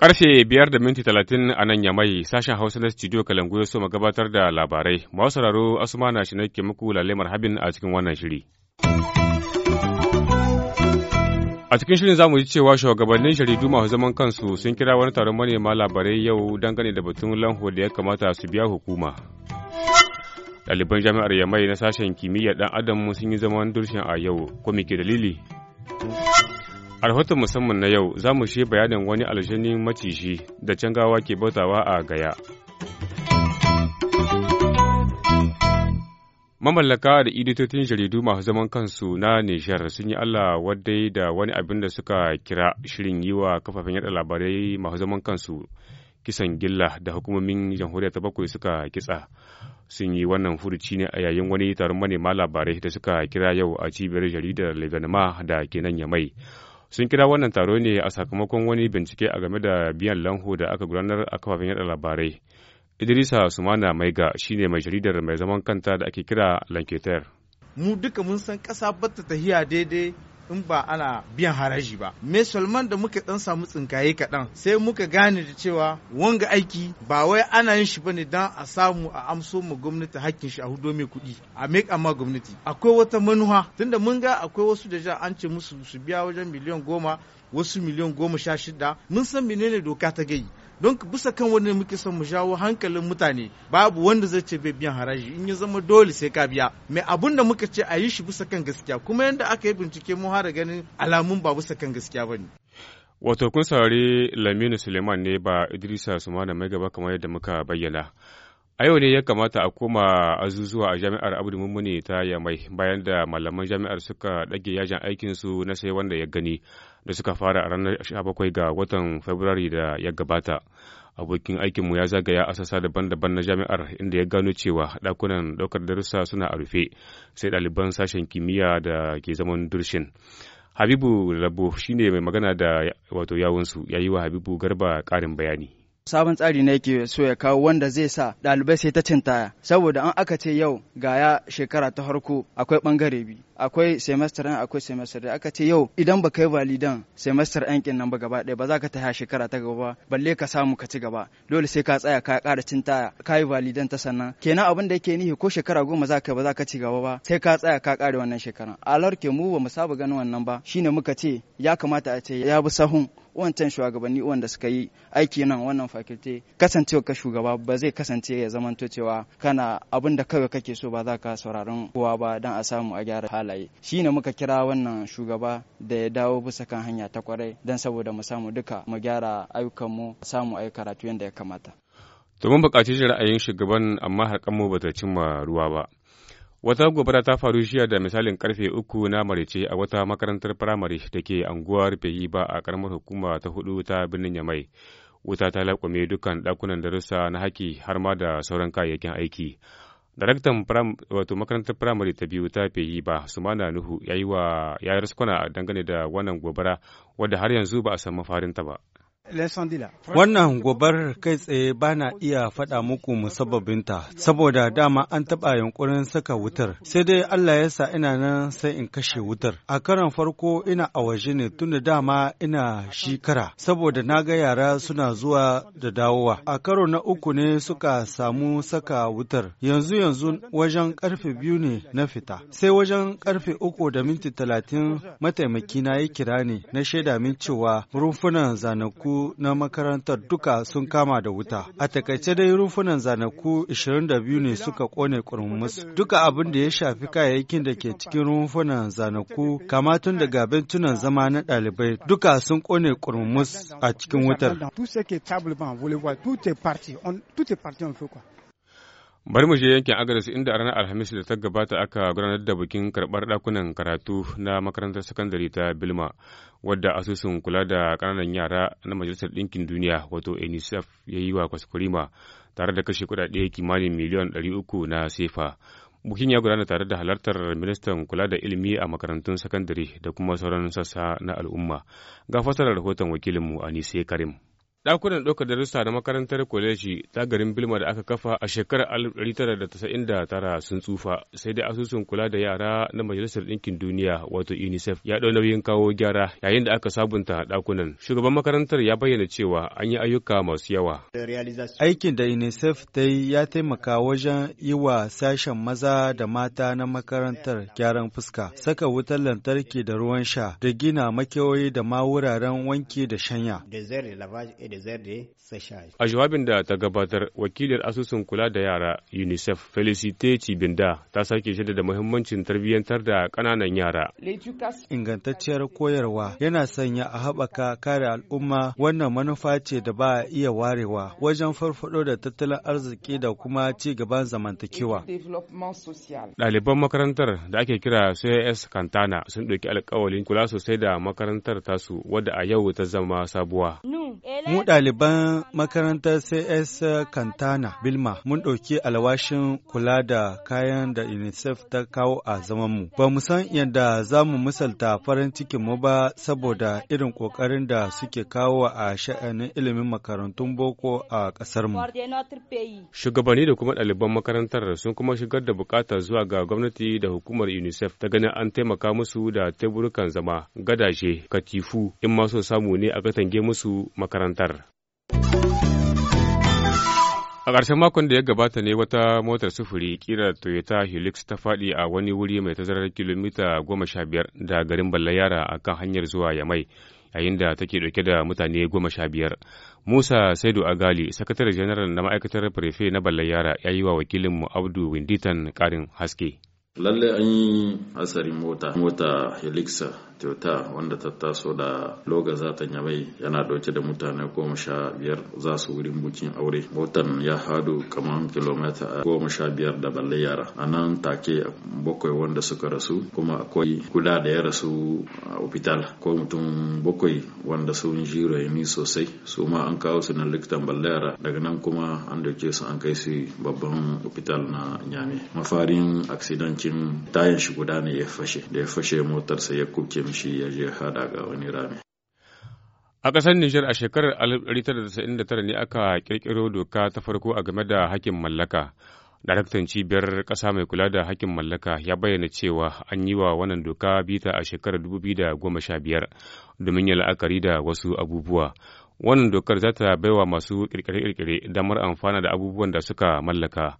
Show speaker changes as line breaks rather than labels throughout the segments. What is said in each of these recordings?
Karfe biyar da minti talatin a nan ya mai sashen Hausa na studio Kalangu ya so gabatar da labarai. Masu sauraro Asuma na shi ke muku lalemar habin a cikin wannan shiri. A cikin shirin zamu ji cewa shugabannin jaridu masu zaman kansu sun kira wani taron manema labarai yau dangane da batun lanho da ya kamata su biya hukuma. Ɗaliban jami'ar Yamai na sashen kimiyya ɗan Adam sun yi zaman durshin a yau, ko me ke dalili? A rahoton musamman na yau za mu shi bayanin wani aljanin macishi da cangawa ke bautawa a gaya. Mamallaka da iditotin jaridu masu zaman kansu na Nijar sun yi Allah wadai da wani abin da suka kira shirin yi wa kafafen yada labarai masu zaman kansu kisan gilla da hukumomin jamhuriyar ta bakwai suka kitsa. Sun yi wannan furuci ne a yayin wani taron manema labarai da suka kira yau a cibiyar jaridar Leganma da kenan Yamai. mai. sun kira wannan taro ne a sakamakon wani bincike a game da biyan lanhu da aka gudanar a kafafen yada labarai idrisa sumana maiga shine mai jaridar mai zaman kanta da ake kira lanketer
mu duka mun san kasa bata tahiya daidai in ba ana biyan haraji ba me salman da muka dan samu tsinkaye kaɗan sai muka gane da cewa wanga aiki ba wai ana yin shi ba ne dan a samu a amso mu gwamnati hakkin shi a hudo mai kuɗi a make amma gwamnati akwai wata manuha tunda mun ga akwai wasu da an ce musu su biya wajen miliyan goma wasu miliyan goma sha shida mun san menene doka ta gayi don bisa kan wanda muke son mu jawo hankalin mutane babu wanda zai ce bai biyan haraji in ya zama dole sai ka biya mai abun da muka ce a yi shi bisa kan gaskiya kuma yadda aka yi bincike mu har ganin alamun ba bisa kan gaskiya ba ne.
wato kun saurari laminu suleiman ne ba idrisa ma da mai gaba kamar yadda muka bayyana a yau ne ya kamata a koma azuzuwa a jami'ar abu mummuni ta yamai bayan da malaman jami'ar suka ɗage yajin aikinsu na sai wanda ya gani da suka fara a ranar 17 ga watan Fabrairu da ya gabata. Abokin aikinmu ya zagaya a sassa daban-daban na jami'ar inda ya gano cewa ɗakunan ɗaukar darussa suna a rufe sai ɗaliban sashen kimiyya da ke zaman durshin. Habibu Labo shine mai magana da wato yawunsu ya yi wa Habibu Garba karin bayani. sabon tsari
ne yake so ya kawo wanda zai sa ɗalibai sai ta cin taya saboda an aka ce yau ga ya shekara ta harko akwai ɓangare biyu akwai semester ɗin akwai semester ɗin aka ce yau idan ba kai validan semester ɗin kin nan ba gaba ɗaya ba za ka taya shekara ta gaba balle ka samu ka ci gaba dole sai ka tsaya ka ƙara cin taya ka yi validan ta sannan kenan abin da yake nihi ko shekara goma za ka ba za ka ci gaba ba sai ka tsaya ka ƙare wannan shekara alarke mu ba mu saba ganin wannan ba shine muka ce ya kamata a ce ya bi sahun wancan shugabanni wanda suka yi aiki nan wannan fakulte kasancewa ka shugaba ba zai kasance ya zamanta cewa kana abin da kawai kake so ba za ka sauraron kowa ba don a samu a gyara halaye shi ne muka kira wannan shugaba da ya dawo bisa kan hanya ta kwarai don saboda mu samu duka mu gyara ayyukanmu samu ayi karatu yadda ya kamata.
To mun buƙaci ra'ayin shugaban amma harkar mu bata cimma ruwa ba. Wata gobara ta faru shiya da misalin karfe uku na marice a wata makarantar firamare da ke anguwar Beyi ba a karamar hukuma ta hudu ta birnin Yamai. Wuta ta laƙwame dukkan ɗakunan darussa na haki har ma da sauran kayayyakin aiki. Daraktan wato makarantar firamare ta biyu ta Beyi ba su mana Nuhu ya yi wa ya dangane da wannan gobara wadda har yanzu ba a san mafarinta ba. Wannan gobar kai tsaye
ba na iya faɗa muku musabbabinta, saboda dama an taɓa yunƙurin saka wutar, sai dai Allah ya sa ina nan sai in kashe wutar. A karan farko ina a waje ne tun da dama ina shi saboda na ga yara suna zuwa da dawowa. A karo na uku ne suka samu saka wutar, yanzu yanzu wajen karfe biyu ne na fita, sai wajen karfe uku da minti talatin mataimakina ya kira ne na shaida min cewa rumfunan zanaku na makarantar duka sun kama da wuta. A takaice dai rumfunan zanaku 22 ne suka kone kurmus. Duka abin da ya shafi kayayyakin da ke cikin rumfunan zanaku kama tun daga bentunan zama na ɗalibai
duka sun kone kurmus a cikin wutar. Bari mu je yankin Agadas inda a ranar Alhamis da ta gabata aka gudanar da bikin karɓar ɗakunan karatu na makarantar sakandare ta Bilma, wadda asusun kula da kananan yara na Majalisar Ɗinkin Duniya wato UNICEF ya yi wa kwaskwarima tare da kashe kuɗaɗe kimanin miliyan ɗari uku na sefa. Bukin ya gudana tare da halartar ministan kula da ilimi a makarantun sakandare da kuma sauran sassa na al'umma. Ga fasarar rahoton wakilinmu Anise Karim. Ɗakunan ɗaukar darussa na makarantar kwaleji ta garin Bilma da aka kafa a shekarar 1999 sun tsufa sai dai asusun kula da yara na Majalisar Ɗinkin Duniya wato UNICEF ya ɗau nauyin kawo gyara yayin da aka sabunta ɗakunan. Shugaban makarantar ya bayyana cewa an yi ayyuka masu yawa.
Aikin da UNICEF ta yi ya taimaka wajen yi wa sashen maza da mata na makarantar gyaran fuska, saka wutar lantarki da ruwan sha, da gina makewayi da ma wuraren wanki da shanya.
A jawabin da ta gabatar, wakilin asusun kula da yara UNICEF Felicite Chibinda ta sake shaida da muhimmancin tarbiyyantar da ƙananan yara.
Ingantacciyar koyarwa yana sanya a haɓaka kare al'umma wannan manufa ce da ba a iya warewa wajen
farfaɗo da tattalin arziki da kuma ci gaban zamantakewa. Ɗaliban makarantar da ake kira CAS Kantana sun ɗauki alƙawalin kula sosai da makarantar tasu wadda a yau ta zama sabuwa.
Mu mu ɗaliban makarantar CS Kantana Bilma mun ɗauki alwashin kula da kayan da UNICEF ta kawo a zamanmu. Ba mu san yadda za mu misalta farin cikin mu ba saboda irin ƙoƙarin da suke kawo a sha'anin ilimin makarantun boko a ƙasarmu.
Shugabanni da kuma ɗaliban makarantar sun kuma shigar da buƙatar zuwa ga gwamnati da hukumar UNICEF ta ganin an taimaka musu da teburukan zama, gadaje, katifu, in ma so samu ne a katange musu makarantar. A ƙarshen makon da ya gabata ne wata motar sufuri ƙira Toyota Hilux ta faɗi a wani wuri mai tazarar kilomita goma sha biyar da garin Ballayara a kan hanyar zuwa Yamai, yayin da take ɗauke da mutane goma sha biyar. Musa Saidu Agali, sakatare janaral na ma'aikatar Prefe na Ballayara, ya yi wa wakilinmu Abdu Winditan ƙarin haske. lallai an yi hasarin mota mota helixa Toyota wanda ta taso da loga za ta nyamai yana dauke da mutane goma sha biyar za su wurin bukin aure. Motan ya hadu kamar kilomita goma sha biyar da balle yara. A nan take bakwai wanda suka rasu kuma akwai kula da ya rasu a opital ko mutum bakwai wanda sun ji rauni sosai su ma an kawo su na likitan balle yara daga nan kuma an dauke su an kai su babban opital na Nyame. Mafarin aksidancin tayan shi guda ne ya fashe da ya fashe motarsa ya kuke shi ya je hada ga wani rami A ƙasar Nijar a shekarar 1999 ne aka ƙirƙiro doka ta farko a game da hakkin mallaka. Daraktan cibiyar ƙasa mai kula da hakkin mallaka ya bayyana cewa an yi wa wannan doka bita a shekarar 2015 domin ya la'akari da wasu abubuwa. Wannan dokar za ta baiwa masu ƙirƙire-ƙirƙire damar amfana da abubuwan da suka mallaka.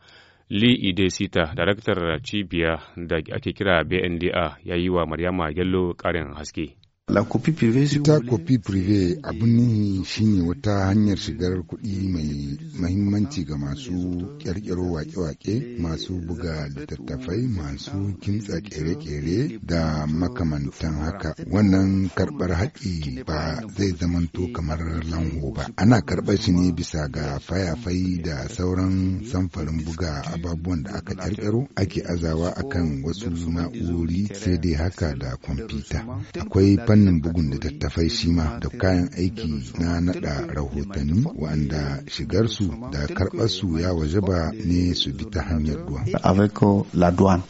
Lee Idesita, daraktar cibiya da ake kira BNDA, ya yi wa Maryama Gello ƙarin haske.
Ita kofi prive abin shi shine wata hanyar shigar kuɗi mai mahimmanci ga masu ƙirƙiro wake-wake, masu buga littattafai, masu kimtsa ƙere-ƙere da makamantan haka. Wannan karɓar haƙi ba zai zamanto kamar lanho ba. Ana karɓar shi ne bisa ga fayafai da sauran samfarin buga ababuwan da aka ƙirƙiro ake azawa akan wasu na'urori sai dai haka da kwamfuta. Akwai fannin bugun littattafai shi ma da kayan aiki na naɗa rahotanni wanda shigarsu da karɓarsu ya waje ba ne su bi ta hanyar duwan. Euh,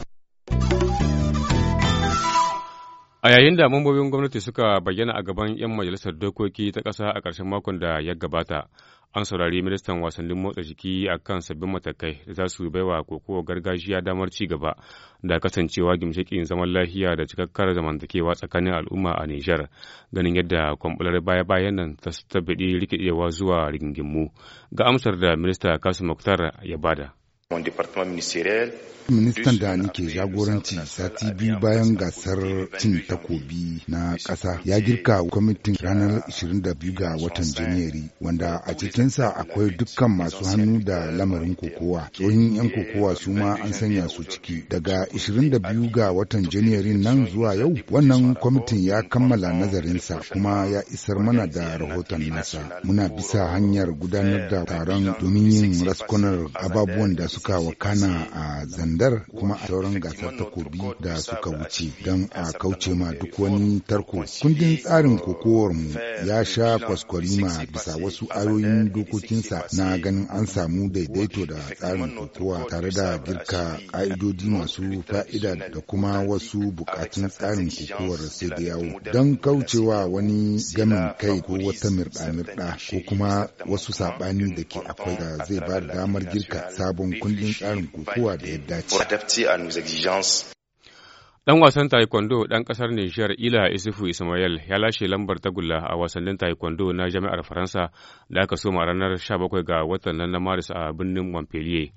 a yayin da mambobin gwamnati suka bayyana a gaban 'yan majalisar dokoki ta ƙasa a ƙarshen makon da ya gabata, an saurari ministan wasannin motsa jiki a kan sabbin matakai da za su baiwa kokowa gargajiya damar ci gaba da kasancewa gimshikin zaman lafiya da cikakkar zamantakewa tsakanin al'umma a Nijar ganin yadda kwambular baya-bayan nan ta tabbaɗi rikidewa zuwa rigingimu ga amsar da minista Kasim muktar ya bada.
Ministan da nike jagoranci sati biyu bayan gasar cin takobi na ƙasa ya girka kwamitin ranar 22 ga watan Janairu wanda a cikinsa akwai dukkan masu hannu da lamarin kokowa. Tsohin 'yan kokowa su ma an sanya su ciki. Daga 22 ga watan Janairu nan zuwa yau wannan kwamitin ya kammala nazarinsa kuma ya isar mana da rahoton nasa. Muna bisa hanyar gudanar da taron domin yin ababuwan da su suka wakana a zandar kuma a sauran gasar takobi da suka wuce don a kauce ma duk wani tarko kundin tsarin kokowarmu ya sha kwaskwarima bisa wasu ayoyin dokokinsa na ganin an samu daidaito da tsarin kokowa tare da girka ƙa'idodi masu fa'ida da kuma wasu bukatun tsarin kokowar sai da yawo don kaucewa wani gamin kai ko wata mirɗa-mirɗa ko kuma wasu saɓani da ke akwai da zai ba da damar girka sabon kundin tsarin kukuwa da ya dace.
Dan wasan taekwondo ɗan ƙasar Nijar Ila Isufu Ismail ya lashe lambar tagulla a wasannin taekwondo na Jami'ar Faransa da aka soma ranar 17 ga watan nan na Maris a birnin Montpellier.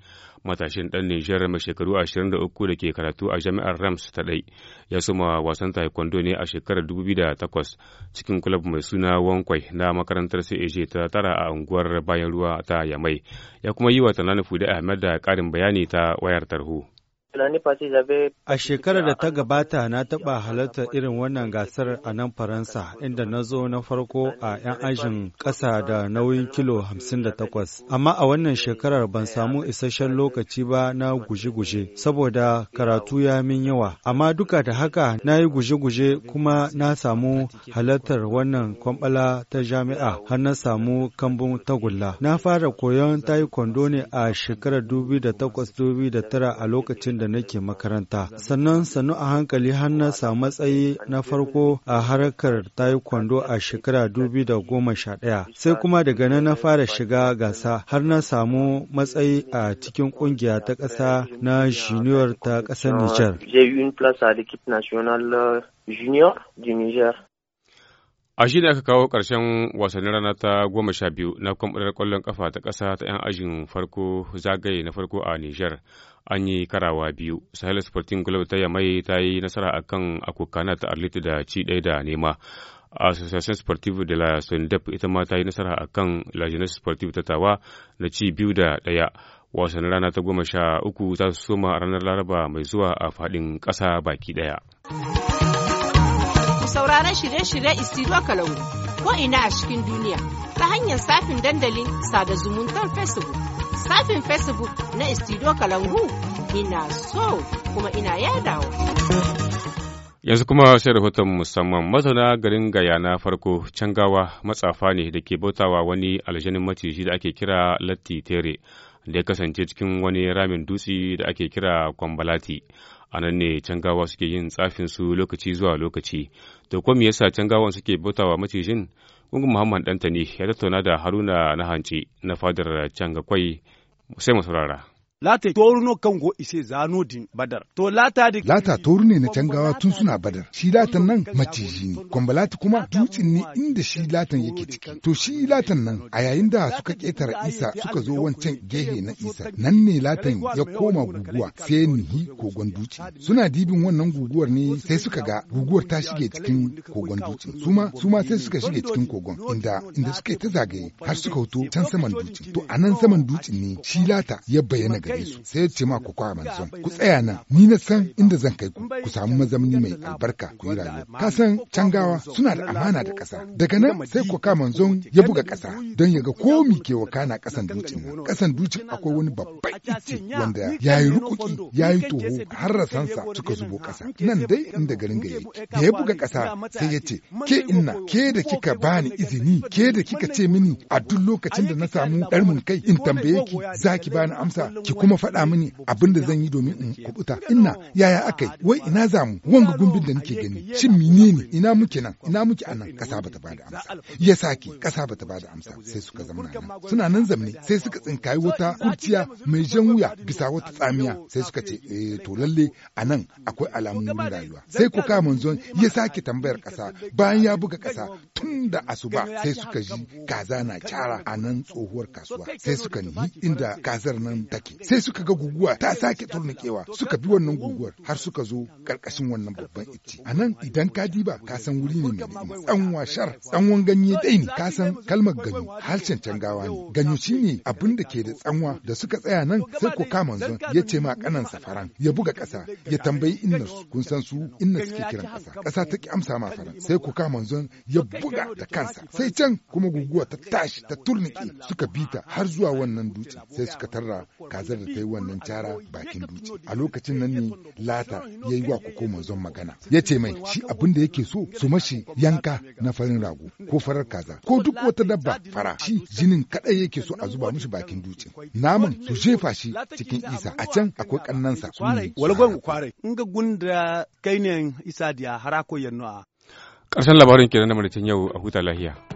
matashin ɗan Nijar mai shekaru 23 da ke karatu a jami'ar Rams ta ɗai ya suma wasan taekwondo ne a shekarar 2008 cikin kulab mai suna Wankwai na makarantar CAG ta tara a unguwar bayan ruwa ta Yamai ya kuma yi wa Tanani Fude Ahmed da ƙarin bayani ta wayar tarho.
A shekarar da ta gabata na taɓa halartar irin wannan gasar a nan Faransa, inda na zo na farko a 'yan ajin ƙasa da nauyin kilo 58. Amma a wannan shekarar ban samu isasshen lokaci ba na guje-guje, saboda karatu ya min yawa. Amma duka da haka na yi guje-guje kuma na samu halartar wannan kwambala ta jami'a har na samu kambun tagulla. Na fara koyon taekwondo ne a shekarar 2008-2009 a lokacin da da nake makaranta. Sannan sannu a hankali har na samu matsayi na farko a harkar taekwondo a shekara dubi da goma sha ɗaya. Sai kuma daga nan na fara shiga gasa har na samu matsayi a cikin ƙungiya ta ƙasa na junior ta ƙasar Nijar. Euh, junior
A shi ne aka kawo ƙarshen wasannin rana ta goma sha biyu na kwamfutar kwallon ƙafa ta ƙasa ta 'yan ajin farko zagaye na farko a Nijar. An yi karawa biyu. Sahel Sporting Club ta Yamai ta yi nasara a kan Akokana ta Arlita da ci ɗaya da nema. Association Sportive de la Sondep ita ma ta yi nasara a kan La Jeunesse Sportive ta Tawa na ci biyu da ɗaya. Wasannin rana ta goma sha uku za su soma ranar Laraba mai zuwa a faɗin ƙasa baki ɗaya.
ku sauraron shirye-shirye Isiro
Kalangu ko ina a cikin duniya ta hanyar safin dandalin sada zumuntar Facebook. Safin Facebook na Isiro Kalangu ina so kuma ina yadawa.
Yanzu kuma sai rahoton musamman mazauna garin Gaya na farko cangawa matsafa ne da ke bautawa wani aljanin maciji da ake kira Latti Tere da ya kasance cikin wani ramin dutse da ake kira Kwambalati. a nan ne cangawa suke yin tsafin su lokaci zuwa lokaci to ko me yasa cangawan suke bautawa macijin gungun muhammad dantani ya tattauna da haruna na hanci na fadar canga kwai sai mu saurara
lata toruno kango ise zano din badar
to lata da lata toru ne na cangawa tun suna badar shi latan nan maciji ne kwambalata kuma dutsen ne inda shi latan yake ciki to shi latan nan a yayin da suka ketara isa suka zo wancan gehe na isa nan ne latan ya koma guguwa sai nihi kogon dutse suna dibin wannan guguwar ne sai suka ga guguwar ta shige cikin kogon dutse suma suma sai suka shige cikin kogon inda inda suka ta zagaye har suka hoto can saman dutse to a nan saman dutsin ne shi lata ya bayyana gari sai ce ma ku kwa manzon ku tsaya nan ni na san inda zan kai ku ku samu mazamni mai albarka ku yi rayuwa ka san cangawa suna da amana da ƙasa daga nan sai ku ka manzon ya buga ƙasa don ya ga ko mi ke kana ƙasan dutsen nan ƙasan dutsen akwai wani babban ice wanda ya yi rukuki ya yi toho har rasansa suka zubo ƙasa nan dai inda garin ga yake da ya buga ƙasa sai ya ce ke inna ke da kika bani izini ke da kika ce mini a duk lokacin da na samu ɗarmin kai in tambaye ki za ki bani amsa ki kuma faɗa mini abin da zan yi domin in kubuta ina yaya akai wai ina zamu wanga gumbin da nake gani shin ne ina muke nan ina muke anan kasa bata da amsa ya saki kasa bata da amsa sai suka zamana nan suna nan zamne sai suka tsinkayi wata kurciya mai jan wuya bisa wata tsamiya sai suka ce eh to lalle anan akwai alamun wurin rayuwa sai ko ka manzo ya saki tambayar kasa bayan ya buga kasa tun da asuba sai suka ji kaza na cara a nan tsohuwar kasuwa sai suka nihi inda kazar nan take sai suka ga guguwa ta sake turnukewa suka bi wannan guguwar har suka zo karkashin wannan babban itti a nan idan ka diba ka san wuri ne mai ni'ima tsanwa shar tsanwan ganye dai ne ka san kalmar ganyu harshen gawa ne ganyu shine abin da ke da tsanwa da suka tsaya nan sai ko ka manzon ya ce ma kanan safaran ya buga kasa ya tambayi inna su kun san su inna suke kiran kasa kasa ta ki amsa ma faran sai ko ka manzon ya buga da kansa sai can kuma guguwa ta tashi ta turnike suka bita har zuwa wannan dutse sai suka tarra kaza ƙasar da ta yi wannan cara bakin duci a lokacin nan ne lata ya yi wa koko manzon magana ya ce mai shi abin da yake so su mashi yanka na farin rago ko farar kaza ko duk wata dabba fara shi jinin kaɗai yake so a zuba mishi bakin dutse naman su jefa shi cikin isa a can akwai kannansa sa. ne walgon kware in ga gunda kai ne isa
da harako yanno a
ƙarshen labarin kenan na maritin yau a huta lahiya